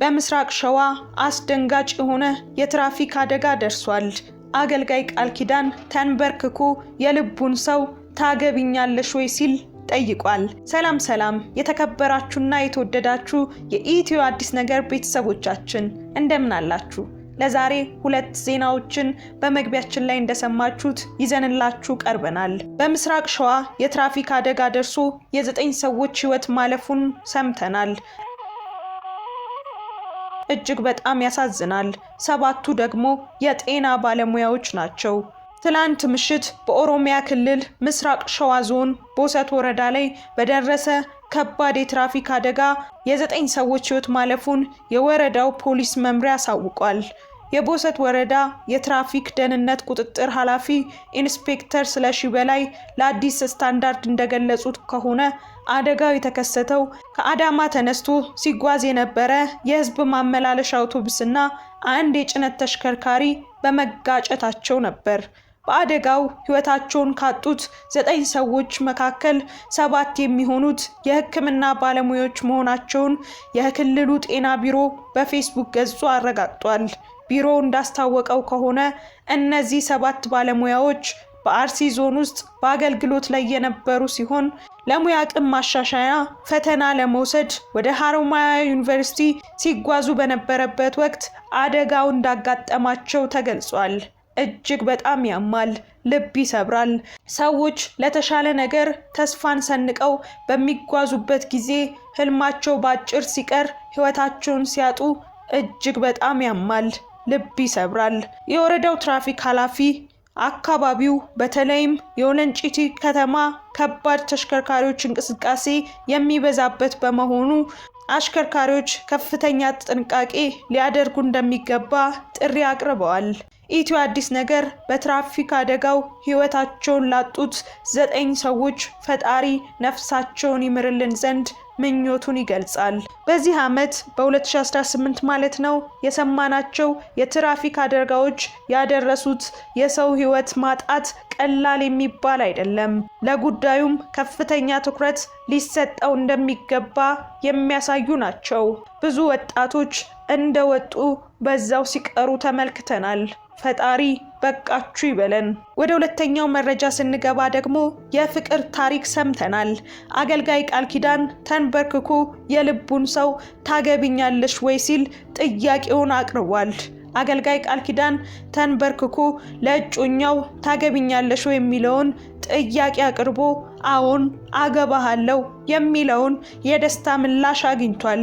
በምስራቅ ሸዋ አስደንጋጭ የሆነ የትራፊክ አደጋ ደርሷል። አገልጋይ ቃል ኪዳን ተንበርክኮ የልቡን ሰው ታገቢኛለሽ ወይ ሲል ጠይቋል። ሰላም ሰላም! የተከበራችሁና የተወደዳችሁ የኢትዮ አዲስ ነገር ቤተሰቦቻችን እንደምን አላችሁ? ለዛሬ ሁለት ዜናዎችን በመግቢያችን ላይ እንደሰማችሁት ይዘንላችሁ ቀርበናል። በምስራቅ ሸዋ የትራፊክ አደጋ ደርሶ የዘጠኝ ሰዎች ሕይወት ማለፉን ሰምተናል። እጅግ በጣም ያሳዝናል። ሰባቱ ደግሞ የጤና ባለሙያዎች ናቸው። ትላንት ምሽት በኦሮሚያ ክልል ምስራቅ ሸዋ ዞን ቦሰት ወረዳ ላይ በደረሰ ከባድ የትራፊክ አደጋ የዘጠኝ ሰዎች ሕይወት ማለፉን የወረዳው ፖሊስ መምሪያ አሳውቋል። የቦሰት ወረዳ የትራፊክ ደህንነት ቁጥጥር ኃላፊ ኢንስፔክተር ስለሺ በላይ ለአዲስ ስታንዳርድ እንደገለጹት ከሆነ አደጋው የተከሰተው ከአዳማ ተነስቶ ሲጓዝ የነበረ የህዝብ ማመላለሻ አውቶቡስና አንድ የጭነት ተሽከርካሪ በመጋጨታቸው ነበር። በአደጋው ህይወታቸውን ካጡት ዘጠኝ ሰዎች መካከል ሰባት የሚሆኑት የህክምና ባለሙያዎች መሆናቸውን የክልሉ ጤና ቢሮ በፌስቡክ ገጹ አረጋግጧል። ቢሮው እንዳስታወቀው ከሆነ እነዚህ ሰባት ባለሙያዎች በአርሲ ዞን ውስጥ በአገልግሎት ላይ የነበሩ ሲሆን ለሙያ አቅም ማሻሻያ ፈተና ለመውሰድ ወደ ሀሮማያ ዩኒቨርሲቲ ሲጓዙ በነበረበት ወቅት አደጋው እንዳጋጠማቸው ተገልጿል። እጅግ በጣም ያማል፣ ልብ ይሰብራል። ሰዎች ለተሻለ ነገር ተስፋን ሰንቀው በሚጓዙበት ጊዜ ህልማቸው በአጭር ሲቀር ህይወታቸውን ሲያጡ እጅግ በጣም ያማል። ልብ ይሰብራል። የወረዳው ትራፊክ ኃላፊ አካባቢው በተለይም የወለንጪቲ ከተማ ከባድ ተሽከርካሪዎች እንቅስቃሴ የሚበዛበት በመሆኑ አሽከርካሪዎች ከፍተኛ ጥንቃቄ ሊያደርጉ እንደሚገባ ጥሪ አቅርበዋል። ኢትዮ አዲስ ነገር በትራፊክ አደጋው ሕይወታቸውን ላጡት ዘጠኝ ሰዎች ፈጣሪ ነፍሳቸውን ይምርልን ዘንድ ምኞቱን ይገልጻል። በዚህ ዓመት በ2018 ማለት ነው የሰማናቸው የትራፊክ አደጋዎች ያደረሱት የሰው ሕይወት ማጣት ቀላል የሚባል አይደለም። ለጉዳዩም ከፍተኛ ትኩረት ሊሰጠው እንደሚገባ የሚያሳዩ ናቸው። ብዙ ወጣቶች እንደወጡ በዛው ሲቀሩ ተመልክተናል። ፈጣሪ በቃችሁ ይበለን። ወደ ሁለተኛው መረጃ ስንገባ ደግሞ የፍቅር ታሪክ ሰምተናል። አገልጋይ ቃል ኪዳን ተንበርክኮ የልቡን ሰው ታገቢኛለሽ ወይ ሲል ጥያቄውን አቅርቧል። አገልጋይ ቃል ኪዳን ተንበርክኮ ለእጮኛው ታገቢኛለሽ ወይ የሚለውን ጥያቄ አቅርቦ አዎን አገባሃለሁ የሚለውን የደስታ ምላሽ አግኝቷል።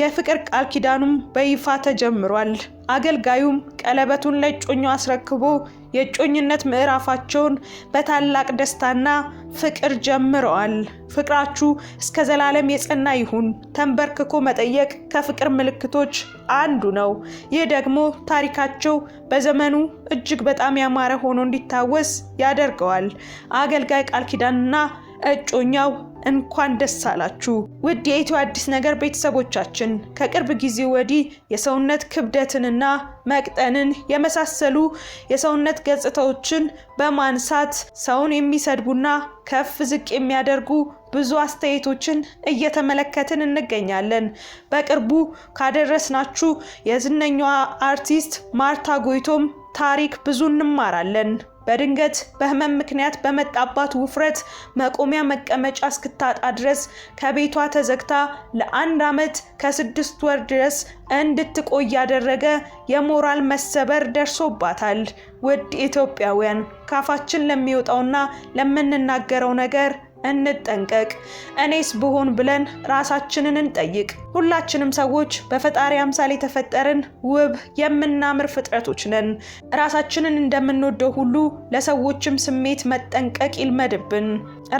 የፍቅር ቃል ኪዳኑም በይፋ ተጀምሯል። አገልጋዩም ቀለበቱን ለእጮኛው አስረክቦ የእጮኝነት ምዕራፋቸውን በታላቅ ደስታና ፍቅር ጀምረዋል። ፍቅራችሁ እስከ ዘላለም የጸና ይሁን። ተንበርክኮ መጠየቅ ከፍቅር ምልክቶች አንዱ ነው። ይህ ደግሞ ታሪካቸው በዘመኑ እጅግ በጣም ያማረ ሆኖ እንዲታወስ ያደርገዋል። አገልጋይ ቃል ኪዳንና እጮኛው እንኳን ደስ አላችሁ ውድ የኢትዮ አዲስ ነገር ቤተሰቦቻችን። ከቅርብ ጊዜ ወዲህ የሰውነት ክብደትንና መቅጠንን የመሳሰሉ የሰውነት ገጽታዎችን በማንሳት ሰውን የሚሰድቡና ከፍ ዝቅ የሚያደርጉ ብዙ አስተያየቶችን እየተመለከትን እንገኛለን። በቅርቡ ካደረስናችሁ የዝነኛዋ አርቲስት ማርታ ጎይቶም ታሪክ ብዙ እንማራለን። በድንገት በህመም ምክንያት በመጣባት ውፍረት መቆሚያ መቀመጫ እስክታጣ ድረስ ከቤቷ ተዘግታ ለአንድ ዓመት ከስድስት ወር ድረስ እንድትቆይ ያደረገ የሞራል መሰበር ደርሶባታል። ውድ ኢትዮጵያውያን ካፋችን ለሚወጣውና ለምንናገረው ነገር እንጠንቀቅ፣ እኔስ ብሆን ብለን ራሳችንን እንጠይቅ። ሁላችንም ሰዎች በፈጣሪ አምሳል የተፈጠርን ውብ የምናምር ፍጥረቶች ነን። ራሳችንን እንደምንወደው ሁሉ ለሰዎችም ስሜት መጠንቀቅ ይልመድብን።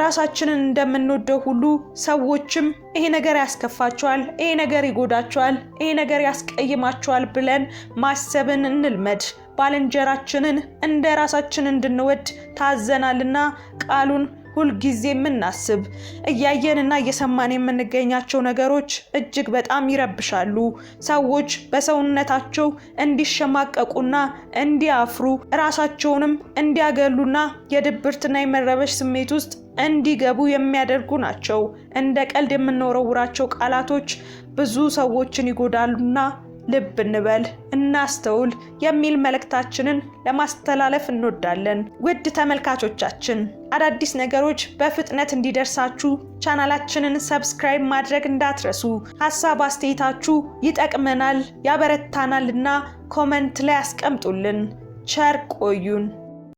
ራሳችንን እንደምንወደው ሁሉ ሰዎችም ይሄ ነገር ያስከፋቸዋል፣ ይሄ ነገር ይጎዳቸዋል፣ ይሄ ነገር ያስቀይማቸዋል ብለን ማሰብን እንልመድ። ባልንጀራችንን እንደ ራሳችን እንድንወድ ታዘናልና ቃሉን ሁልጊዜ የምናስብ እያየንና እየሰማን የምንገኛቸው ነገሮች እጅግ በጣም ይረብሻሉ። ሰዎች በሰውነታቸው እንዲሸማቀቁና እንዲያፍሩ ራሳቸውንም እንዲያገሉና የድብርትና የመረበሽ ስሜት ውስጥ እንዲገቡ የሚያደርጉ ናቸው። እንደ ቀልድ የምንወረውራቸው ቃላቶች ብዙ ሰዎችን ይጎዳሉና ልብ እንበል፣ እናስተውል የሚል መልእክታችንን ለማስተላለፍ እንወዳለን። ውድ ተመልካቾቻችን አዳዲስ ነገሮች በፍጥነት እንዲደርሳችሁ ቻናላችንን ሰብስክራይብ ማድረግ እንዳትረሱ። ሀሳብ አስተያየታችሁ ይጠቅመናል፣ ያበረታናል እና ኮመንት ላይ አስቀምጡልን። ቸር ቆዩን።